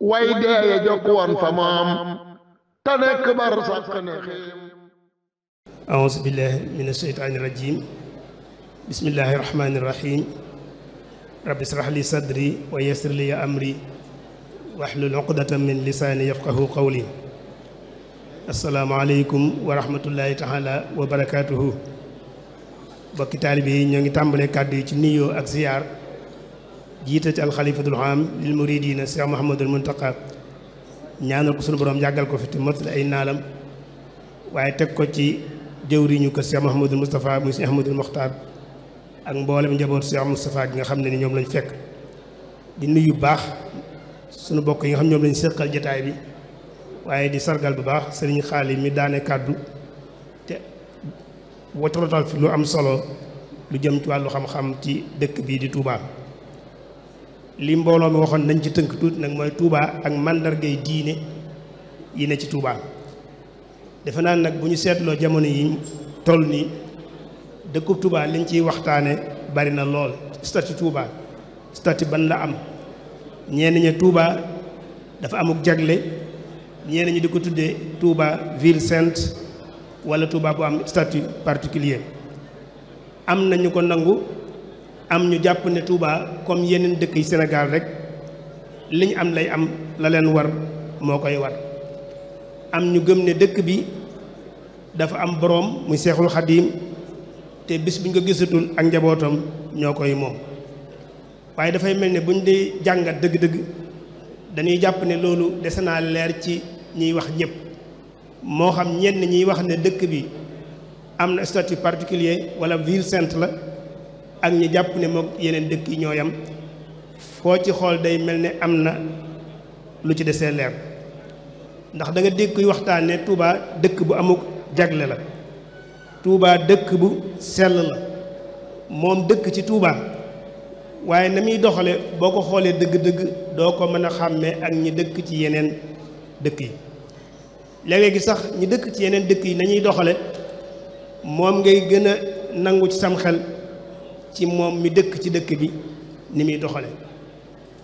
way deeye jokk woon fa moom te nekk bar sàq ne xéem aouzu min asheytaani rajim bismillahi rahmaani rahim rabbi israh li sadri wa yassir li amri wahlul uqdatan min lisaani yafqahu qawli asalaamaaleykum wa rahmatullahi taala wa barakaatuhu bokki taalibe yi ñoo ngi tàmbalee kàddu yi ci nuyoo ak ziyaar jiite ci alxalifatul aam lil muridina Cheikh Mouhamadul Muntaqa ñaanal ko sunu borom yàggal ko fi te mottali ay naalam waaye teg ko ci jëwriñu ko Cheikh Mouhamadul Moustapha muy Cheikh Ahmadul Mokhtar ak mboolem njaboot Cheikh Moustapha gi nga xam ne ni ñoom lañu fekk di nuyu baax sunu bokk yi nga xam ñoom lañ seqal jataay bi waaye di sargal bu baax sëriñ xaali mi daane kàddu te wotorotal fi lu am solo lu jëm ci wàllu xam-xam ci dëkk bii di tuubaa li mbooloo mi waxoon nañ ci tënk tuuti nag mooy Touba ak mandargay diine yi ne ci Touba defe naa nag bu ñu seetloo jamono yi toll nii dëkkub Touba liñ ciy waxtaane bari na lool statut Touba statut ban la am ñenn ña Touba dafa amuk jagle ñenn ñi di ko tuddee Touba ville cent wala Touba bu am statut particulier am nañu ko nangu am ñu jàpp ne Touba comme yeneen dëkk yi Sénégal rek li ñu am lay am la leen war moo koy war am ñu gëm ne dëkk bi dafa am boroom muy Seexul Xadiim te bis bu ñu ko gisatul ak njabootam ñoo koy moom waaye dafay mel ne bu ñu dee jàngat dëgg-dëgg dañuy jàpp ne loolu dese naa leer ci ñuy wax ñëpp moo xam ñenn ñiy wax ne dëkk bi am na statu particulier wala ville sainte la ak ñi jàpp ne moog yeneen dëkk yi ñooyam foo ci xool day mel ne am na lu ci desee leer ndax danga nga dégg kuy waxtaan ne dëkk bu amuk jagle la Touba dëkk bu sell la moom dëkk ci Touba waaye na muy doxale boo ko xoolee dëgg-dëgg doo ko mën a xàmmee ak ñi dëkk ci yeneen dëkk yi léeg sax ñi dëkk ci yeneen dëkk yi nañuy doxale moom ngay gën a nangu ci sam xel ci moom mi dëkk ci dëkk bi ni muy doxale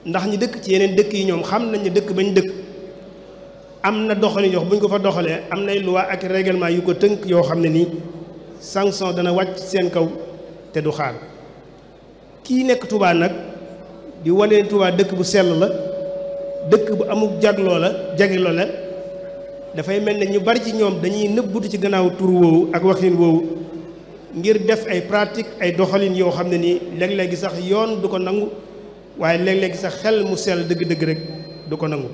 ndax ñi dëkk ci yeneen dëkk yi ñoom xam nañ ne dëkk bañ dëkk am na doxali yox bu ñu ko fa doxalee am nay luwaa ak règlement yu ko tënk yoo xam ne nii sanction dana wàcc seen kaw te du xaar kii nekk Touba nag di wane Touba dëkk bu sell la dëkk bu amuk jagloo la jagloo la dafay mel ne ñu bari ci ñoom dañuy nëbbutu ci gannaaw tur woowu ak waxin woowu ngir def ay pratique ay doxalin yoo xam ne nii léeg-léegi sax yoon du ko nangu waaye léeg-léegi sax xel mu sell dëgg-dëgg rek du ko nangu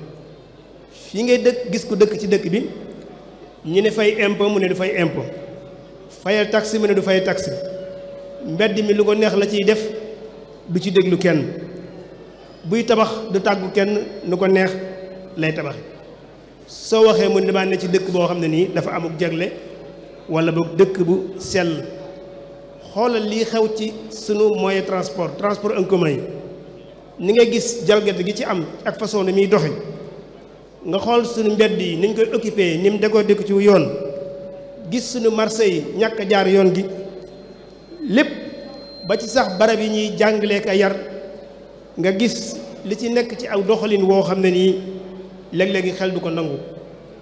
fii ngay dëkk gis ko dëkk ci dëkk bi ñu ne fay impôt mu ne du fay impôt fayal taxe mu ne du fay taxe mbedd mi lu ko neex la ciy def du ci déglu kenn buy tabax du tàggu kenn nu ko neex lay tabax soo waxee mu ne damaa ne ci dëkk boo xam ne nii dafa amuk jagle walla boog dëkk bu sell xoolal lii xew ci sunu moyen transport transport en commun yi ni nga gis jalgati gi ci am ak façon ni muy doxe nga xool sunu mbedd yi ni ñu koy occupé ni mu déggoo dëkk ci yoon gis sunu marché yi ñàkk jaar yoon gi lépp ba ci sax barab yi ñuy jàngaleek a yar nga gis li ci nekk ci aw doxalin woo xam ne nii léeg-léegi xel du ko nangu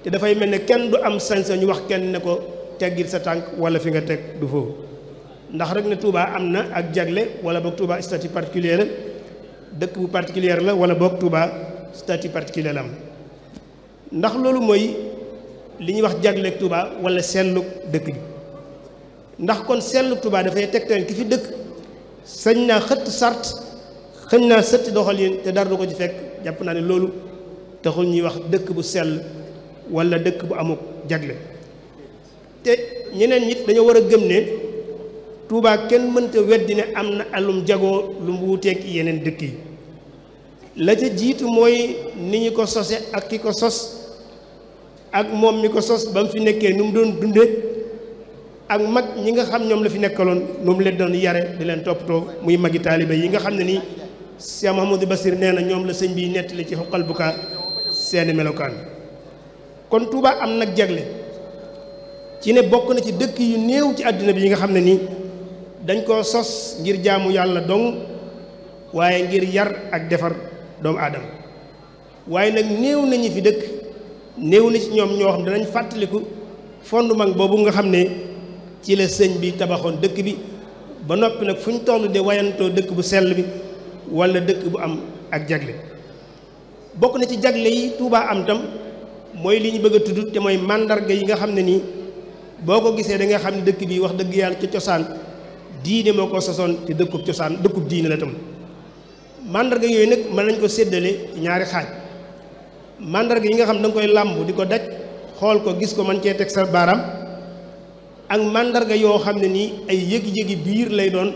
te dafay mel ne kenn du am sañ ñu wax kenn ne ko teggil sa tànk walla fi nga teg du foofu ndax rek ne Touba am na ak jagle wala boog Touba statut particulier la dëkk bu particulier la wala boog Touba statut particulier la am ndax loolu mooy li ñuy wax jagleeg Touba wala sellug dëkk bi ndax kon sellug Touba dafay tegtal ki fi dëkk sañ naa xëtt sart xëñ naa sëtti doxalin te dara ko ci fekk jàpp naa ne loolu taxul ñuy wax dëkk bu sell walla dëkk bu amuk jagle te ñeneen nit dañoo war a gëm ne. Touba kenn mënta weddi ne am na alum jagoo lu mu wuuteeg yeneen dëkk yi la ca jiitu mooy ni ñu ko sose ak ki ko sos ak moom mi ko sos ba mu fi nekkee nu mu doon dunde ak mag ñi nga xam ñoom la fi nekkaloon nu mu leen doon yare di leen toppatoo muy magi taalibe yi nga xam ne nii Cheikh Mahamadou Basir nee na ñoom la sëñ bi nettali ci xoqal bukaa seeni melokaan kon Touba am nag jagle ci ne bokk na ci dëkk yu néew ci àddina bi yi nga xam ne nii dañ koo sos ngir jaamu yàlla dong waaye ngir yar ak defar doomu aadama waaye nag néew nañu fi dëkk néew na ci ñoom ñoo xam danañ fàttaliku fondement boobu nga xam ne ci la sëñ bi tabaxoon dëkk bi ba noppi nag fu ñu toll de wayantoo dëkk bu sell bi wala dëkk bu am ak jagle bokk na ci jagle yi Tuubaa am tam mooy li bëgg a tudd te mooy màndarga yi nga xam ne nii boo ko gisee da nga xam ne dëkk bi wax dëgg yàlla ci cosaan diine moo ko sosoon te dëkkub cosaan dëkku diine la tam màndarga yooyu nag mën nañ koo séddale ñaari xaaj màndarga yi nga xam da nga koy làmb di ko daj xool ko gis ko man cee teg sa baaraam ak mandarga yoo xam ne nii ay yëgi-yëgi biir lay doon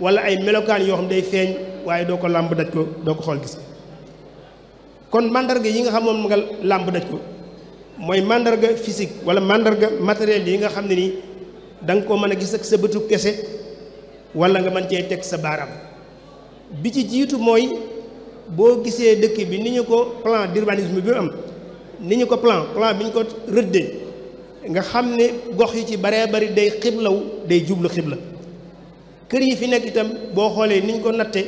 wala ay melokaan yoo xam day feeñ waaye doo ko làmb daj ko doo ko xool gis kon màndarga yi nga xamoon moom nga làmb daj ko mooy mandarga physique wala mandarga matériel yi nga xam ne nii da nga koo mën a gis ak sa bëtu kese wala nga mën cee teg sa baaraam bi ci jiitu mooy boo gisee dëkk bi ni ñu ko plan d'urbanisme bi mu am ni ñu ko plan plan bi ñu ko rëddee nga xam ne gox yi ci baree bari day xiblaw day jublu xibla kër yi fi nekk itam boo xoolee ni ñu ko natte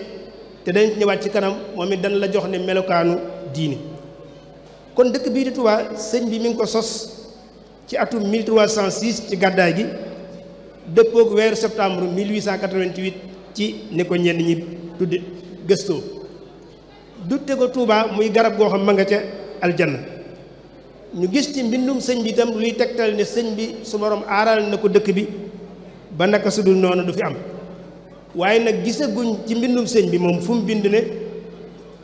te dañ ci ñëwaat ci kanam moom it dañ la jox ne melokaanu diini kon dëkk bii di Touba sëñ bi mu ngi ko sos ci atum 1306 ci gàddaay gi dëppook weeru septembre 1888 ci ni ko ñenn ñi tudde gëstoo dute ko tuubaa muy garab goo xam ma nga ca aljana ñu gis ci mbindum sëñ bi itam luy tegtal ne sëñ bi su borom aaral na ko dëkk bi ba naka su dul noonu du fi am waaye nag gisaguñ ci mbindum sëñ bi moom fu mu bind ne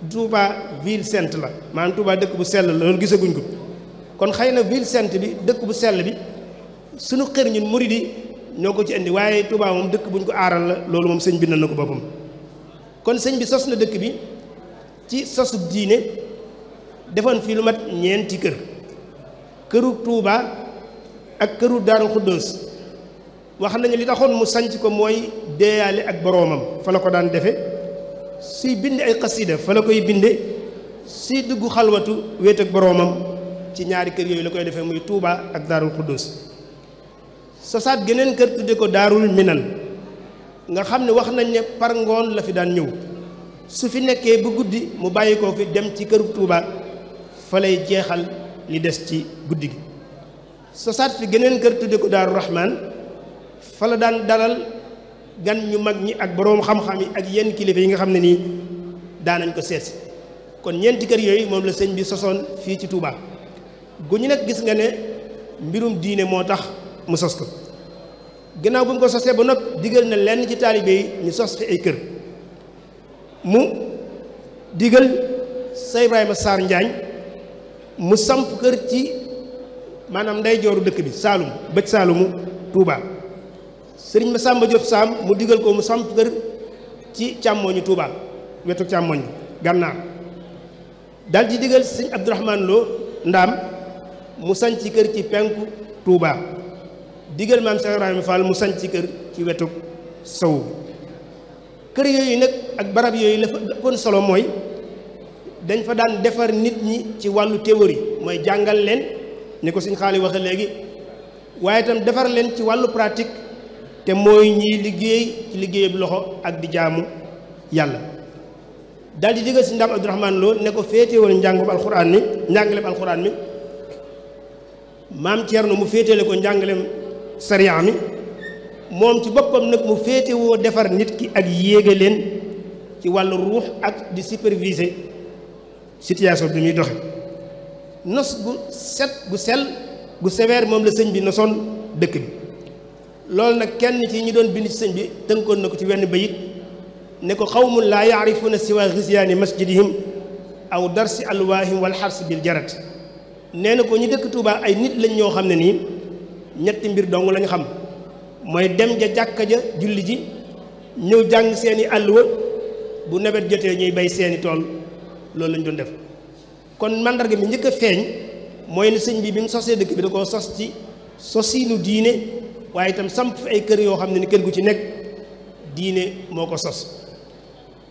Touba ville sainte la maanaam Touba dëkk bu sell la loolu gisaguñ ko kon xëy na ville sainte bi dëkk bu sell bi sunu xër ñun murid yi ñoo ko ci indi waaye Touba moom dëkk buñ ko aaral la loolu moom sëñ bi na ko boppam kon sëñ bi sos na dëkk bi ci sosu diine defoon fii lu mat ñeenti kër këru Touba ak këru Daaru Xuddoos wax nañu li taxoon mu sanc ko mooy deeyaale ak boroomam fa la ko daan defe suy binde ay xasida fa la koy binde suy dugg xalwatu wéet ak boroomam ci ñaari kër yooyu la koy defee muy tuubaa ak Daaru Xuddoos sosaat geneen kër tudde ko daarul minan nga xam ne wax nañ ne par ngoon la fi daan ñëw su fi nekkee bu guddi mu bàyyi koo fi dem ci kër Tuuba fa lay jeexal li des ci guddi gi sosaat fi geneen kër tudde ko fa la daan dalal gan ñu mag ñi ak boroom xam yi ak yenn kilifa yi nga xam ne nii daanañ ko seesi kon ñeenti kër yooyu moom la sëñ sosoon fii ci Touba gu ñu nag gis nga ne mbirum diine moo tax mu sos ko ginnaaw bu mu ko sosee ba noppi digal na lenn ci taalibe yi ñu sos fi ay kër mu digal sa Ibrahima Sarr Njaañ mu samp kër ci maanaam nday jooru dëkk bi Saalum bëj Saalumu Touba sëriñ ma Samba jot Saam mu digal ko mu samp kër ci càmmooñu Touba wetu càmmooñ gànnaar dal di digal sëñ Abdourahmane Lo ndaam mu sañ sanc kër ci penku Touba digal maam Cheikh Ibrahima Fall mu ci kër ci wetu sowu kër yooyu nag ak barab yooyu la fa ëppoon solo mooy dañ fa daan defar nit ñi ci wàllu théorie mooy jàngal leen ne ko suñ xaali waxe léegi waaye tam defar leen ci wàllu pratique te mooy ñiy liggéey ci liggéeyub loxo ak di jaamu yàlla daal di digal si ndaam Abdourahmane Lo ne ko féetewal njàngum alxuraan njàngaleem alxuraan mi maam Thierno mu féetale ko njàngaleem sariya mi moom ci boppam nag mu féetewoo defar nit ki ak yéege leen ci wàllu ruux ak di superviser situation bi muy doxe nos gu set gu sel gu sévère moom la sëñ bi nosoon dëkk bi loolu nag kenn ci ñu doon bind ci sëñ bi tënkoon na ko ci wenn bayit ne ko xawmun laa yaarifuuna siwa xisyaani masjidihim aw darsi alwaahim wal xarsi bil jarat nee na ko ñu dëkk Tuubaa ay nit lañ ñoo xam ne nii ñetti mbir dong lañ xam mooy dem ja jàkka ja julli ji ñëw jàng seeni àlluwa bu nawet jotee ñuy bay seeni tool loolu lañ doon def kon mandarga mi njëkk a feeñ mooy ne sëñ bi bi mu sosee dëkk bi da koo sos ci sosiinu diine waaye itam samp fi ay kër yoo xam ne ni kër gu ci nekk diine moo ko sos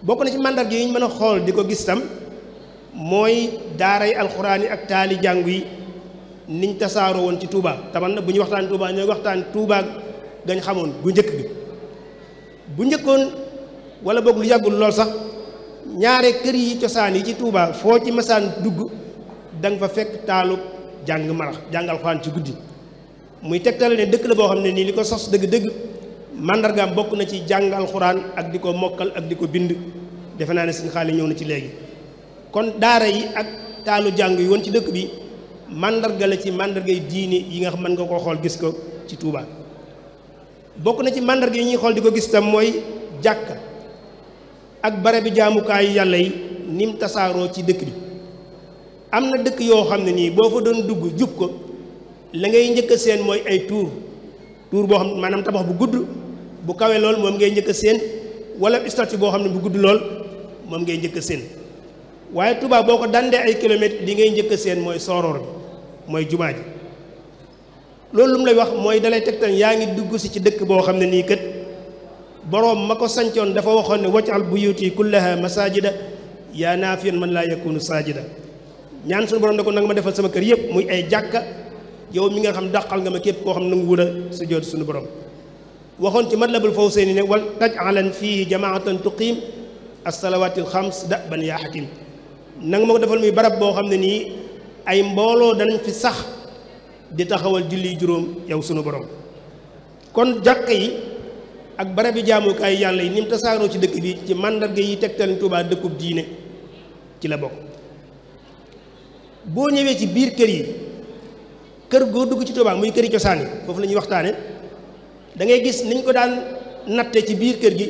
bokk na ci mandarga yi ñu mën a xool di ko gis tam mooy daaray alxuraan yi ak taali jàngu yi niñ tasaaroo woon ci Touba tamal na bu ñu waxtaan Touba ñooy waxtaan Touba gañ xamoon bu njëkk bi bu njëkkoon wala boog lu yàggul lool sax ñaare kër yi cosaan yi ci tuubaa foo ci masaan dugg da fa fekk taalu jàng marax jàng alxuraan ci guddi muy tegtale ne dëkk la boo xam ne nii li ko sos dëgg-dëgg màndargaam bokk na ci jàng alxuraan ak di ko mokkal ak di ko bind defe naa ne suñu xaalis ñëw na ci léegi kon daara yi ak taalu jàng yi woon ci dëkk bi màndarga la ci màndarga màndargay diini yi nga xam mën nga ko xool gis ko ci Touba bokk na ci màndarga yi ñuy xool di ko gis tam mooy jàkka ak bare bi jaamukaayu yàlla yi nim tasaaroo ci dëkk bi am na dëkk yoo xam ne nii boo fa doon dugg jub ko la ngay njëkk séen mooy ay tuur tuur boo xam maanaam tabax bu gudd bu kawe lool moom ngay njëkk a seen wala statue boo xam ne bu gudd lool moom ngay njëkk a seen waaye Touba boo ko dandee ay kilomètres li ngay njëkk a seen mooy sooroor bi mooy jumaa ji loolu lu mu lay wax mooy dalay tegtal yaa ngi dugg si ci dëkk boo xam ne nii kët boroom ma ko sancoon dafa waxoon ne wajal buyuti kullaha masajida yaa naafiyan man laa yakunu saajida ñaan suñu borom ne ko nanga ma defal sama kër yëpp muy ay jàkka yow mi nga xam dàqal nga ma képp koo xam nangu wula sa joot suñu borom waxoon ci matlabul fawsayni ne wal taj'alan fii jamaatan tuqiim as-salawaati al-xams da'ban yaa hakiim nanga ma ko defal xam ne nii ay mbooloo dañ fi sax di taxawal julli juróom yow sunu borom kon jàkk yi ak barab barabi jaamukaay yàlla yi ni mu tasaaroo ci dëkk bi ci màndarga yi tegtal Tuubaa dëkkub diine ci la bokk boo ñëwee ci biir kër yi kër goo dugg ci Tuubaa muy këri cosaan yi foofu lañuy waxtaane dangay gis niñ ko daan natte ci biir kër gi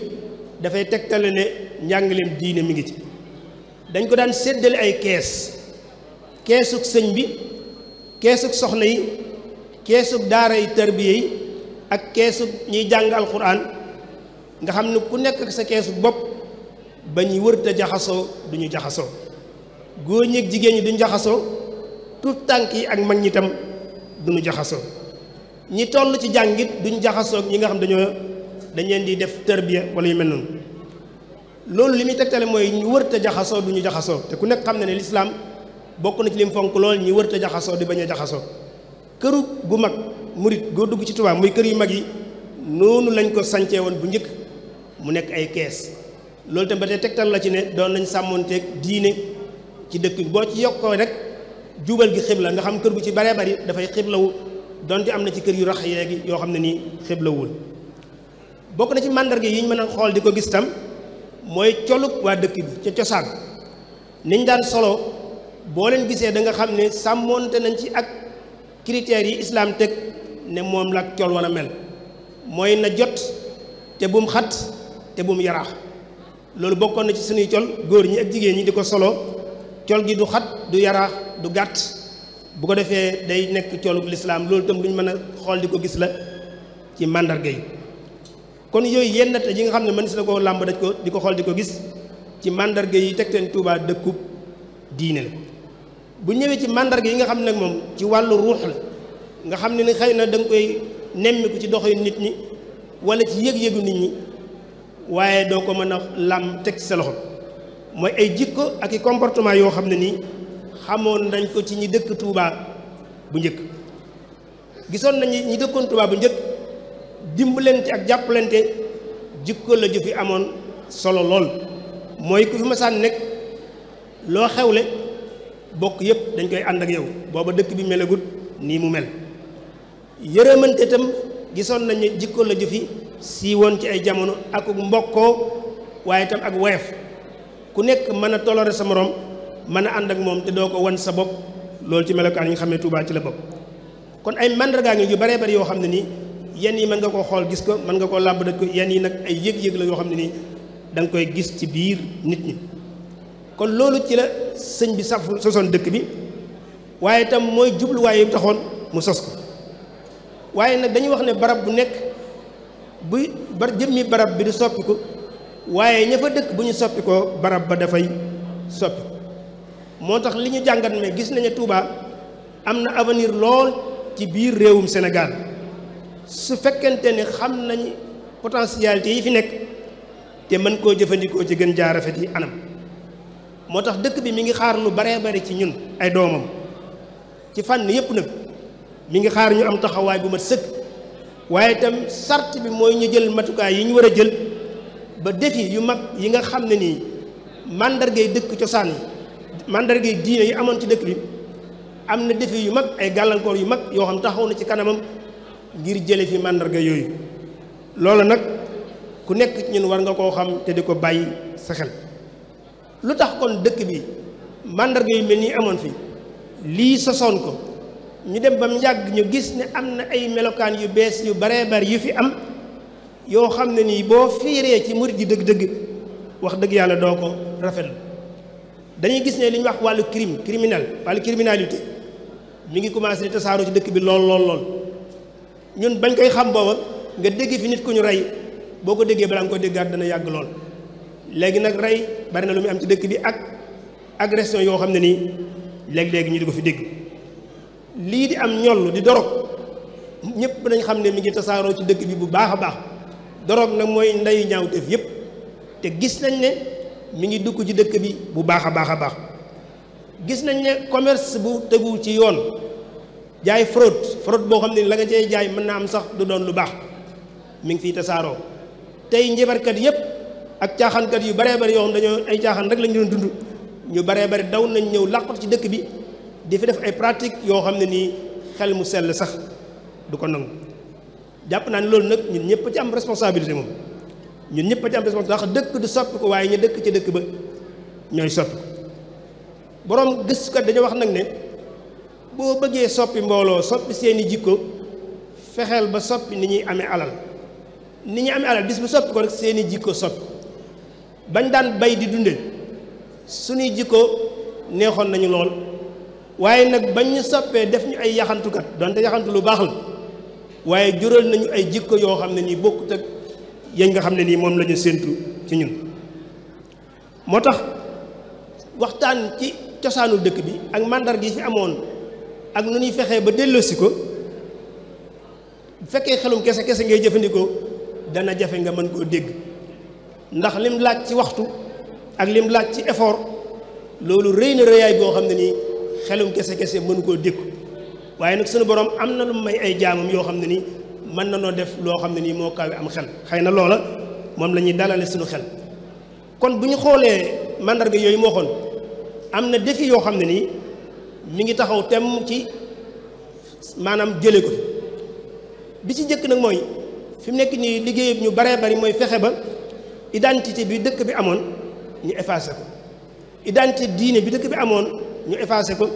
dafay tegtale ne njàngaleem diine mi ngi ci dañ ko daan séddale ay kees keesug sëñ bi keesug soxna yi keesug daara yi tarbiya yi ak keesug ñuy jàng alxuraan nga xam ne ku nekk ak sa keesug bopp ba ñuy wërta jaxasoo du ñu jaxasoo góor ñi jigéen ñi duñu jaxasoo tuut tànk yi ak mag ñi tam duñu jaxasoo ñi toll ci jàngit duñu jaxasoo ñi nga xam dañoo dañ leen di def tarbiya wala yu mel noonu loolu li muy tegtale mooy ñu wërta jaxasoo du ñu jaxasoo te ku nekk xam na ne lislaam bokk na ci lim fonk lool ñi wërta jaxasoo di bañ a jaxasoo këru gu mag murit goo dugg ci Tuubaa muy kër yu mag yi noonu lañ ko sancee woon bu njëkk mu nekk ay kees loolu tam ba tey tegtal la ci ne doon nañ sàmmoonteeg diine ci dëkk bi boo ci yokkoo rek jubal gi xibla nga xam kër gu ci baree bari dafay xiblawu donte am na ci kër yu rax yéegi yoo xam ne nii xiblawul bokk na ci màndarga yi ñu mën a xool di ko gis tam mooy colug waa dëkk bi ci cosaan niñ daan solo boo leen gisee da xam ne sàmmoonte nañ ci ak critères yi islaam teg ne moom la col war a mel mooy na jot te bum xat te bum yaraax loolu bokkoon na ci suñuy col góor ñi ak jigéen ñi di ko solo col gi du xat du yaraax du gàtt bu ko defee day nekk colub lislaam loolu tam lu ñu mën a xool di ko gis la ci màndarga yi kon yooyu yenn te yi nga xam ne mën si na ko làmb daj ko di ko xool di ko gis ci màndarga yi teg Tegtal Touba dëkkub diine la bu ñëwee ci màndarga yi nga xam ne nag moom ci wàllu ruux la nga xam ne ni xëy na da nga koy nemmiku ci doxoy nit ñi wala ci yëg-yëgu nit ñi waaye doo ko mën a lam teg sa loxo mooy ay jikko ak i comportement yoo xam ne nii xamoon nañ ko ci ñi dëkk tuubaa bu njëkk gisoon nañu ñi dëkkoon Touba bu njëkk dimbalante ak jàppalante jikko la ju fi amoon solo lool mooy ku fi masaan nekk loo xew le bokk yëpp dañ koy ànd ak yow booba dëkk bi melagut nii mu mel yërëmante itam gisoon nañ ne jikko la ju fi siiwoon ci ay jamono ak mbokkoo waaye itam ak woyof ku nekk mën a tolore sa morom mën a ànd ak moom te doo ko wan sa bopp loolu ci melokaan yi nga xam ne ci la bopp kon ay mandargaa ngi yu baree bari yoo xam ne nii yenn yi mën nga koo xool gis ko mën nga koo làmb daj ko yenn yi nag ay yëg-yëg la yoo xam ne nii da nga koy gis ci biir nit ñi kon loolu ci la sëñ bi saf sosoon dëkk bi waaye itam mooy jubluwaay yi taxoon mu sos ko waaye nag dañu wax ne barab bu nekk buy bar jëmmi barab bi di soppi ko waaye ña fa dëkk bu ñu soppi ko barab ba dafay soppi moo tax li ñu jàngat ne gis nañu tuubaa am na avenir lool ci biir réewum Sénégal su fekkente ne xam nañ potentialité yi fi nekk te mën koo jëfandikoo ci gën jaarafet yi anam moo tax dëkk bi mi ngi xaar lu baree bari ci ñun ay doomam ci fànn yépp nag mi ngi xaar ñu am taxawaay bu mat sëkk waaye itam sart bi mooy ñu jël matukaay yi ñu war a jël ba défi yu mag yi nga xam ne nii màndargay dëkk cosaan yi màndargay diine yi amoon ci dëkk bi am na défi yu mag ay gàllankoor yu mag yoo xam taxaw na ci kanamam ngir jële fi màndarga yooyu loolu nag ku nekk ci ñun war nga koo xam te di ko bàyyi sa xel lu tax kon dëkk bi màndarga yu mel nii amoon fi lii sosoon ko ñu dem ba mu yàgg ñu gis ne am na ay melokaan yu bees yu baree bari yu fi am yoo xam ne nii boo fiiree ci murid yi dëgg-dëgg wax dëgg yàlla doo ko la dañuy gis ne li ñu wax wàllu crime criminel wàllu criminalité mu ngi commencé di tasaaroo ci dëkk bi lool lool lool ñun bañ koy xam booba nga dégg fi nit ku ñu rey boo ko déggee balaa nga koy déggaat dana yàgg lool léegi nag rey bari na lu muy am ci dëkk bi ak agression yoo xam ne nii léeg-léegi ñu di ko fi dégg lii di am ñoll di dorog ñëpp dañ xam ne mi ngi tasaaroo ci dëkk bi bu baax a baax dorog nag mooy ndeyu yëpp te gis nañ ne mi ngi dugg ci dëkk bi bu baax a baax a baax gis nañ ne commerce bu tegu ci yoon jaay fraude fraude boo xam ne la nga cee jaay mën naa am sax du doon lu baax mu ngi fi tasaaroo tey njabarkat yëpp. ak caaxaankat yu baree bari yoo xam dañoo ay caaxaan rek lañu doon dund ñu baree bari daw nañu ñëw làqut ci dëkk bi di fi def ay pratique yoo xam ne nii xel mu sell sax du ko nangu jàpp naa ne loolu nag ñun ñëpp ci am responsabilité moom ñun ñëpp ci am responsabilité ndax dëkk du soppi ko waaye ñu dëkk ci dëkk ba ñooy soppi ko boroom gëstukat dañoo wax nag ne boo bëggee soppi mbooloo soppi seeni jikko fexeel ba soppi ni ñuy amee alal ni ñuy amee alal bis bu soppi ko seeni jikko soppi bañ daan bay di dunde suñuy jikko neexoon nañu lool waaye nag bañ ñu soppee def ñu ay yaxantukat donte yaxantu lu baaxul la waaye jural nañu ay jikko yoo xam ne nii bokkut ak yañ nga xam ne nii moom lañu ñu séentu ci ñun moo tax waxtaan ci cosaanu dëkk bi ak màndar yi fi amoon ak nu ñuy fexee ba delloosi ko bu fekkee xelum kese kese ngay jëfandikoo dana jafe nga mën koo dégg ndax lim laaj ci waxtu ak lim laaj ci effort loolu rëy na rëyaay boo xam ne nii xelum kese-kese mënu koo dékku waaye nag sunu borom am na lu may ay jaamam yoo xam ne nii mën na noo def loo xam ne nii moo kawe am xel xëy na loola moom la dalale sunu xel kon bu ñu xoolee mandarga yooyu moo am na défi yoo xam ne nii mu ngi taxaw tem ci maanaam jële ko bi ci njëkk nag mooy fi mu nekk nii liggéey ñu baree bari mooy fexe ba identité bi dëkk bi amoon ñu effacé ko identité diine bi dëkk bi amoon ñu effacé ko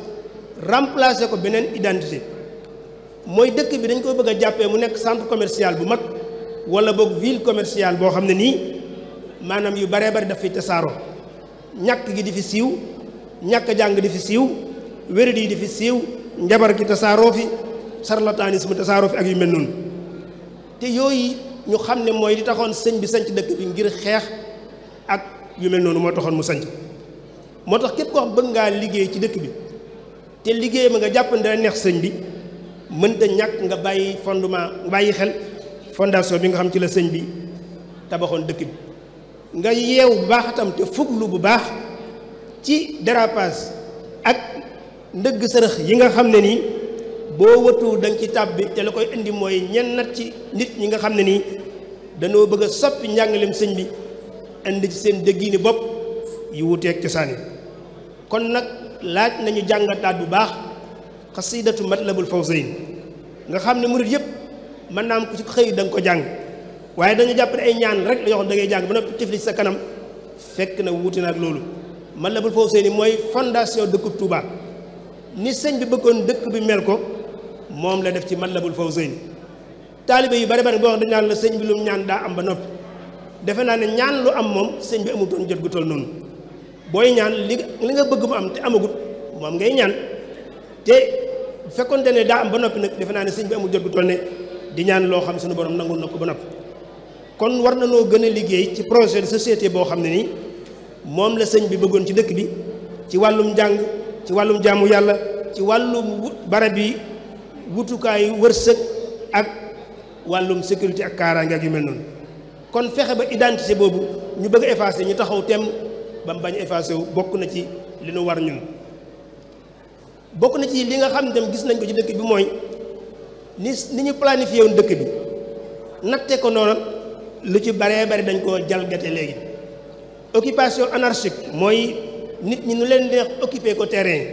remplacé ko beneen identité mooy dëkk bi dañ ko bëgg a jàppee mu nekk centre commercial bu mag wala boog ville commerciale boo xam ne nii maanaam yu baree bari daf fi tasaaroo ñàkk gi di fi siiw ñàkk jàng di fi siiw wérid yi di fi siiw njabar gi tasaaroo fi charlatanisme tasaaroo fi ak yu mel noonu te yooyu ñu xam ne mooy li taxoon sëñ bi sañc dëkk bi ngir xeex ak yu mel noonu moo taxoon mu sanc moo tax képp koo xam bëgg ngaa liggéey ci dëkk bi te liggéey ma nga jàpp ne dana neex sëñ bi mën mënta ñàkk nga bàyyi fondement bàyyi xel fondation bi nga xam ci la sëñ bi tabaxoon dëkk bi nga yeew bu baax atam te fuglu bu baax ci dérapage ak ndëgg sërëx yi nga xam ne nii boo wëtuwul da nga ci tàbbi te la koy indi mooy ñenn nat ci nit ñi nga xam ne nii dañoo bëgg a soppi njàngaleem sëñ bi indi ci seen dëggiini bopp yu wuteeg cosaan yi kon nag laaj nañu jàngataat bu baax xasiidatu matlabul fawzayn nga xam ne murit yëpp mën naa am ku ci xëy da ko jàng waaye dañu jàpp ay ñaan rek la yoo xam da ngay jàng ba noppi tifli sa kanam fekk na wuute na ak loolu matlabul fawzayn mooy fondation dëkkub Touba ni sëñ bi bëggoon dëkk bi mel ko moom la def ci Matlabul Fawzayni taalibe yu bari bari boo wax dañ naan la sëñ bi lu mu ñaan daa am ba noppi defe naa ne ñaan lu am moom sëñ bi amutoon jot gu toll noonu booy ñaan li li nga bëgg mu am te amagut moom ngay ñaan te fekkonte ne daa am ba noppi nag defe naa ne sëñ bi amul jot gu toll ne di ñaan loo xam suñu borom nangul na ko ba noppi kon war na noo gën a liggéey ci projet de société boo xam ne nii moom la sëñ bi bëggoon ci dëkk bi ci wàllum njàng ci wàllum jaamu yàlla ci wàllum barab yi wutukaayu wërsëg ak wàllum sécurité ak kaaraange ak yu mel noonu kon fexe ba identité boobu ñu bëgg a ñu taxaw tem ba mu bañ a wu bokk na ci li nu war ñun bokk na ci li nga xam ne tam gis nañ ko ci dëkk bi mooy ni ni ñu planifié woon dëkk bi natte ko noonu lu ci baree bari dañ koo jalgate léegi occupation anarchique mooy nit ñi nu leen neex occupé ko terrain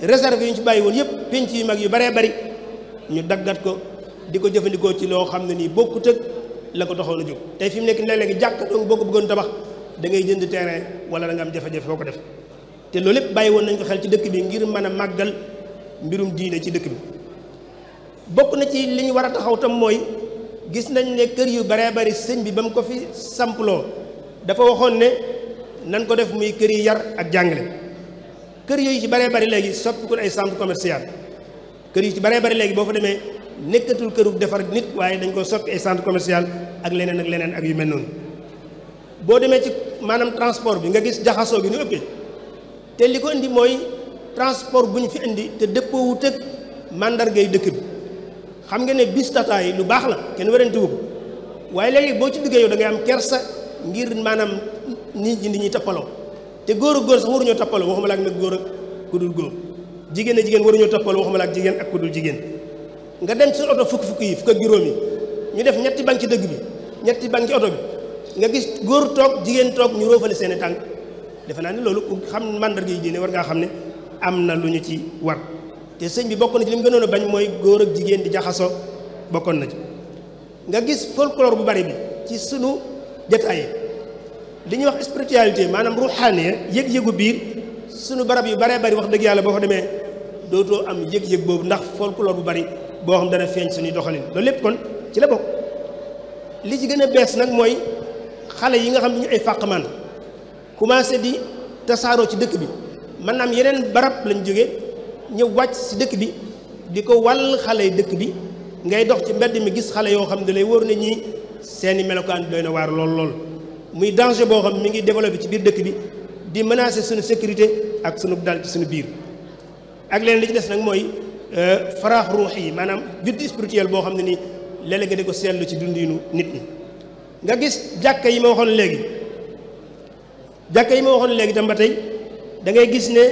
réserve yu ñu ci bàyyi woon yëpp penc yu mag yu baree bari ñu daggat ko di ko jëfandikoo ci loo xam ne nii bokkut ak la ko doxoon a jóg tey fi mu nekk léeg-léegi jàkk donc boo ko bëggoon tabax dangay jënd terrain wala da am jafe-jafe foo ko def te loolu lépp bàyyi woon nañ ko xel ci dëkk bi ngir mën a màggal mbirum diine ci dëkk bi bokk na ci li ñu war a taxaw tam mooy gis nañ ne kër yu baree bari sëñ bi ba mu ko fi samploo dafa waxoon ne nan ko def muy kër yi yar ak jàngale kër yooyu ci baree bari léegi soppi ko ay centre commercial kër yi ci baree bari léegi boo fa demee nekkatul këru defar nit waaye dañ koy soppi ay centre commercial ak leneen ak leneen ak yu mel noonu boo demee ci maanaam transport bi nga gis jaxasoo gi ñu ëppee te li ko indi mooy transport bu ñu fi indi te dëppoo wu tëg màndargay dëkk bi xam nga ne bis tata yi lu baax na kenn werantewu ko waaye léegi boo ci duggee yow da ngay am kersa ngir maanaam nit ñi di ñuy tappaloo te góor ak góor sax waruñoo tappaloo waxuma la ak nag góor ak ku dul jigéen a jigéen ñoo toppal waxuma la ak jigéen ak ku dul jigéen nga dem ci oto fukk fukk yi fukk ak juróom yi ñu def ñetti bank ci dëgg bi ñetti bank ci oto bi nga gis góor toog jigéen toog ñu roofale seen i tànk defe naa ni loolu xam mandarga yi war ngaa xam ne am na lu ñu ci war te sëñ bi bokk na ci li mu gënoon bañ mooy góor ak jigéen di jaxasoo bokkoon na ci nga gis folklore bu bari bi ci sunu jataay li ñuy wax spiritualité maanaam ruuxaane yëg-yëgu biir suñu barab yu baree bari wax dëgg yàlla boo fa demee dootoo am yëg-yëg boobu ndax folklore bu bari boo xam dana feeñ suñuy doxalin loolu lépp kon ci la bokk li ci gën a bees nag mooy xale yi nga xam ne ñu ay fàqmaan commencé di tasaaroo ci dëkk bi maanaam yeneen barab lañ jóge ñëw wàcc si dëkk bi di ko wàll xale dëkk bi ngay dox ci mbedd mi gis xale yoo xam ne lay wóor na ñii seeni melokaan doy na waar lool lool muy danger boo xam mi ngi développé ci biir dëkk bi di menacer suñu sécurité ak sunu dal ci suñu biir ak leneen li ci des nag mooy euh, faraax ruux yi maanaam vide boo xam ne nii léeg-léeg nga di ko seetlu ci dundinu nit ñi gis jàkka yi ma waxoon léegi jàkka yi ma waxoon léegi tam ba tey da ngay gis ne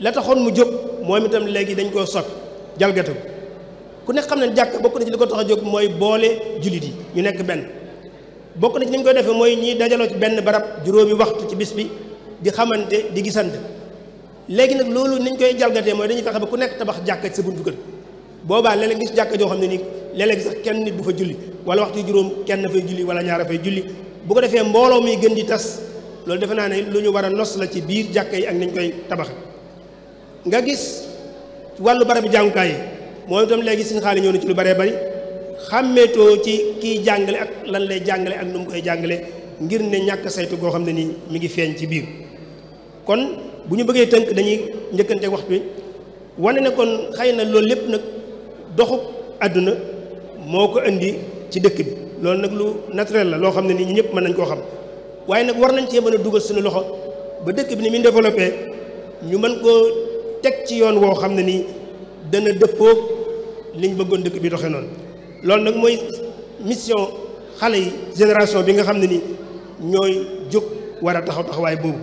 la mu jóg moom itam léegi dañ koo sot jalgatu ku nekk xam ne jàkka bokk na ci li ko tax mooy boole jullit yi ñu nekk benn bokk na ci ni ñu koy defee mooy ñiy dajaloo ci benn barab juróomi waxtu ci bis bi di xamante di gisante léegi nag loolu niñ koy jalgatee mooy dañuy fexe ba ku nekk tabax jàkka ci sa buntu kër boobaa léeg-léeg gis jàkka joo xam ne nii léeg-léeg sax kenn nit du fa julli wala waxtu juróom kenn fay julli wala ñaara fay julli bu ko defee mbooloo muy gën di tas loolu defe naa ne lu ñu war a nos la ci biir jàkka yi ak niñ koy tabax nga gis wàllu barabu jàngukaay yi moom itam léegi suñu xaalis ñëw na ci lu baree bari xàmmeetoo ci kiy jàngale ak lan lay jàngale ak nu mu koy jàngale ngir ne ñàkk saytu goo xam ne nii mi ngi feeñ ci biir kon bu ñu bëggee tënk dañuy njëkkante wax bi wane ne kon xëy na loolu lépp nag doxu àdduna moo ko indi ci dëkk bi loolu nag lu naturel la loo xam ne nii ñëpp mën nañ koo xam waaye nag war nañ cee mën a dugal suñu loxo ba dëkk bi ni muy développé ñu mën koo teg ci yoon woo xam ne ni dana dëppoog liñ bëggoon dëkk bi doxe noonu loolu nag mooy mission xale yi génération bi nga xam ne ni ñooy jóg war a taxaw taxawaay boobu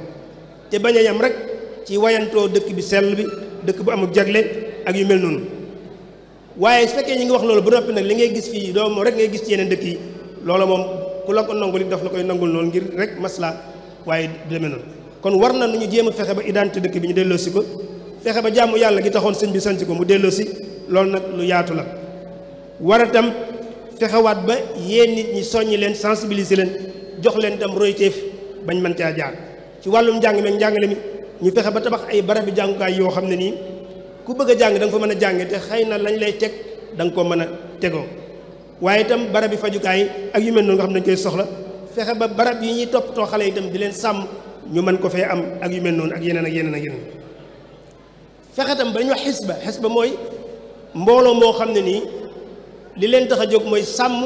te bañ a yam rek ci wayantoo dëkk bi sell bi dëkk bu amul jagle ak yu mel noonu waaye fekkee ñi ngi wax loolu ba noppi nag li ngay gis fii doo moom rek ngay gis ci yeneen dëkk yi loola moom ku la ko nangul it daf la koy nangul noonu ngir rek maslaa waaye du demee noonu kon war na nu ñu jéem a fexe ba identité dëkk bi ñu delloosi ko fexe ba jàmm yàlla gi taxoon sëñ bi sanc ko mu delloosi loolu nag lu yaatu la war a tam fexewaat ba yéen nit ñi soññi leen sensibiliser leen jox leen tam royteef bañ mën caa jaar ci wàllum njàng meeg njàngale mi ñu fexe ba tabax ay barab bi jàngukaay yoo xam ne nii ku bëgg a jàng da nga fa mën a jànge te xëy na lañu lay teg danga nga ko mën a tegoo waaye itam barab bi fajukaay ak yu mel noonu nga xam ne koy soxla fexe ba barab yi ñuy toppatoo xale yi di leen sàmm ñu mën ko fee am ak yu mel noonu ak yeneen ak yeneen ak yeneen fexe itam ba ñu wax xisba xisba mooy mbooloo moo xam ne nii li leen tax a jóg mooy sàmm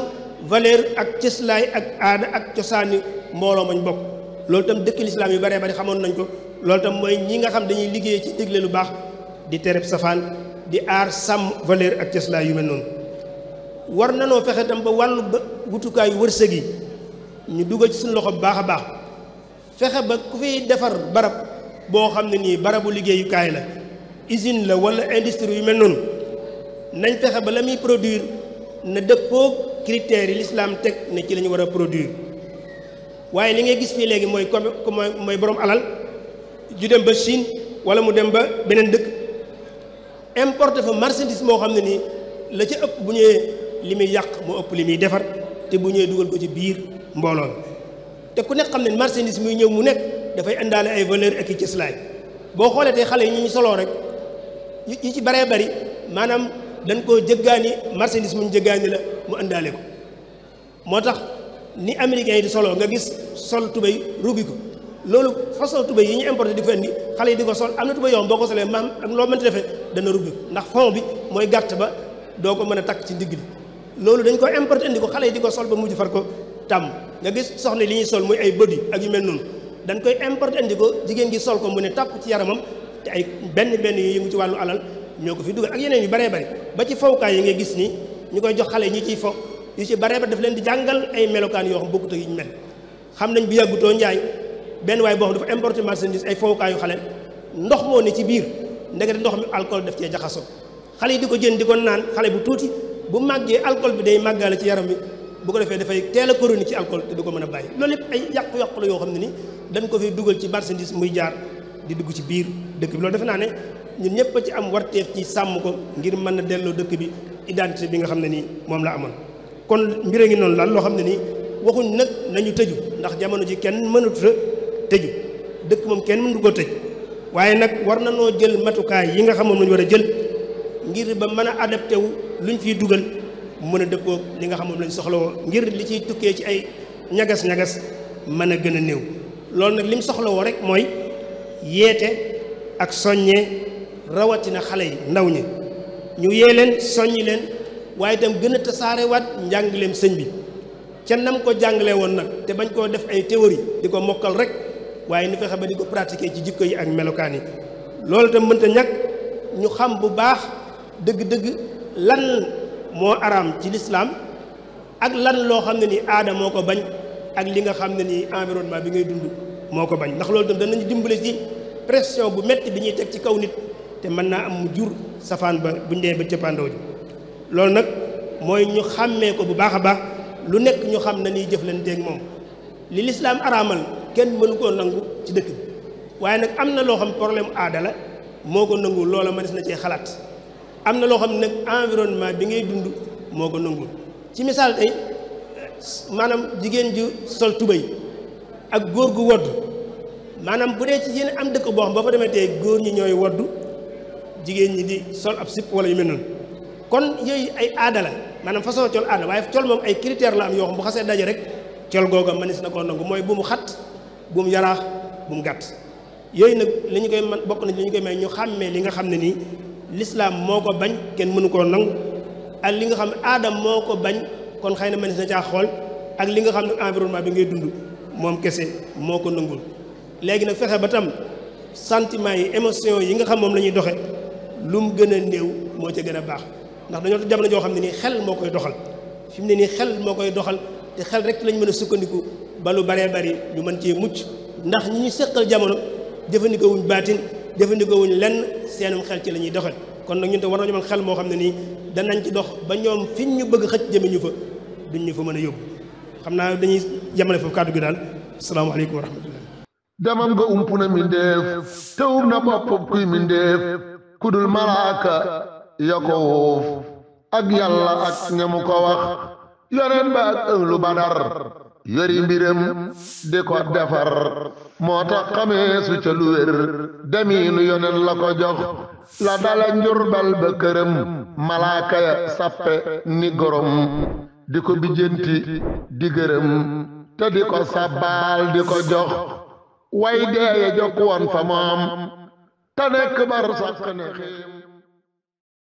valeur ak cëslaay ak aada ak cosaani mbooloo mañ bokk loolu tam dëkk lislaam yu baree bari xamoon nañ ko loolu tam mooy ñi nga xam dañuy liggéey ci digle lu baax di tereb safaan di aar sàmm valeur ak cëslaay yu mel noonu war nanoo fexe tam ba wàllu ba wutukaayu wërsëg yi ñu dugal ci suñu loxo bu baax a baax fexe ba ku fiy defar barab boo xam ne nii barabu liggéeyukaay la usine la wala industrie yu mel noonu nañ fexe ba la muy produire na dëppoo critères yi lislaam teg ne ci la ñu war a produire waaye li ngay gis fii léegi mooy comme mooy borom alal ju dem ba Chine wala mu dem ba beneen dëkk importe fa marchandise moo xam ne nii la ca ëpp bu ñëwee li muy yàq moo ëpp li muy defar te bu ñëwee dugal ko ci biir mbooloo te ku nekk xam ne marchandise muy ñëw mu nekk dafay indaale ay valeur ak i cëslaay boo xoolee xale yi ñu soloo rek yi ci baree bari maanaam dañ koo jëggaani marchandise muñ ñu jëggaani la mu indaale ko tax ni américains yi di soloo nga gis sol tubéy ruugi ko loolu façon tubéy yi ñu importé di ko indi xale yi di ko sol am na tubéy yoon boo ko solee maam ak loo mënti defee dana ruugi ko ndax fond bi mooy gàtt ba doo ko mën a takk ci ndigg li loolu dañ ko importé ko xale di ko sol ba mujj far ko tàmm nga gis soxna li ñuy sol muy ay bëdi ak yu mel noonu dañ koy importé indi ko jigéen gi sol ko mu ne tàpp ci yaramam te ay benn benn yu yëngu ci wàllu alal ñoo ko fi dugal ak yeneen yu baree bari ba ci fowkaay yi nga gis ni ñu koy jox xale ñu ciy fo yu ci bare ba daf leen di jàngal ay melokaan yoo xam bokkut ak ñu mel xam nañ bu yàggutoo njaay benn waaye boo xam dafa importé marchandise ay fowukaayu xale ndox moo ne ci biir ndekete ndox mi alcool daf cee jaxasoo xale yi di ko jënd di naan xale bu tuuti bu màggee alcool bi day màggaale ci yaram wi bu ko defee dafay teel a koroni ci alcool te du ko mën a bàyyi loolu lépp ay yàqu-yàqu la yoo xam ne ni dañ ko fi dugal ci marchandise muy jaar di dugg ci biir dëkk bi loolu defe naa ne ñun ñëpp a ci am warteef ci sàmm ko ngir mën a delloo dëkk bi identité bi nga xam ne nii moom la amoon kon mbir a ngi noonu daal loo xam ne nii waxuñ nag nañu tëju ndax jamono ji kenn mënut a tëju dëkk moom kenn mënut koo tëj waaye nag war na noo jël matukaay yi nga xamoon moom lañu war a jël ngir ba mën a adapté wu luñ fiy dugal mën a dëkkook li nga xamoon moom lañ soxla woo ngir li ciy tukkee ci ay ñagas-ñagas mën a gën a néew loolu nag lim soxla woo rek mooy yeete ak soññee rawatina xale yi ndaw ñi ñu yee leen soññi leen waaye itam gën a tasaarewaat njàngaleem sëñ bi ca nam ko jàngale woon nag te bañ koo def ay théorie di ko mokkal rek waaye ni fexe ba di ko pratiquer ci jikko yi ak melokaan yi loolu itam mënta ñàkk ñu xam bu baax dëgg-dëgg lan moo araam ci lislaam ak lan loo xam ne ni aada moo ko bañ ak li nga xam ne ni environnement bi ngay dund moo ko bañ ndax loolu itam danañu dimbali si pression bu metti bi ñuy teg ci kaw nit te mën naa am mu jur safaan ba buñ dee ba cëppaandoo ji loolu nag mooy ñu xàmmee ko bu baax a baax lu nekk ñu xam na ñuy jëflanteeg moom li lislaam araamal kenn mënu koo nangu ci dëkk bi waaye nag am na loo xam problème aada la moo ko nanguwul loola des na cee xalaat am na loo xam nag environnement bi ngay dund moo ko nanguwul ci misaal tey maanaam jigéen ju sol tubéy ak góor gu wodd maanaam bu dee ci yéen am dëkk boo xam boo fa demee tey góor ñi ñooy wodd jigéen ñi di sol ab sip wala yu mel noonu kon yooyu ay aada la maanaam façon col aada waaye col moom ay critère la am yoo xam bu xasee daje rek col googa mënees na koo nangu mooy bu xat bu mu yaraax bu gàtt yooyu nag li ñu koy man bokk nañ li ñu koy may ñu xàmmee li nga xam ne nii lislaam moo ko bañ kenn mënu koo nangu ak li nga xam ne moo ko bañ kon xëy na mënees na caa xool ak li nga xam ne environnement bi ngay dund moom kese moo ko nangul léegi nag fexe ba tam sentiment yi émotion yi nga xam moom la ñuy doxe lu mu gën a néew moo ca gën a baax ndax dañoo jamono joo xam ne nii xel moo koy doxal fi mu ne nii xel moo koy doxal te xel rek lañ mën a sukkandiku ba lu baree bari ñu man cee mucc ndax ñi ñu seqal jamono jëfandikoo wuñ baatin jëfandikoo wuñ lenn seenum xel ci la ñuy doxal kon nag ñun te war nañu mën xel moo xam ne nii danañ ci dox ba ñoom fi ñu bëgg xëcc jëme ñu fa duñ ñu fa mën a yóbbu xam naa dañuy jamale foofu kàddu gi daal asalaamaaleykum wa rahmatullah demam nga ump na mindeef te um na boppam kuy mindeef yakowóof ak yàlla ak ñamu ko wax yoneen ba ak ënglu badar yori mbiram di ko defar moo tax xamee su lu wér demiinu yoneen la ko jox la dala njurbal ba këram malaaka ya sappe ni gorom di ko bijjanti di gërëm te di ko sabbaal di ko jox way deeye jokk woon fa moom te bar sàkk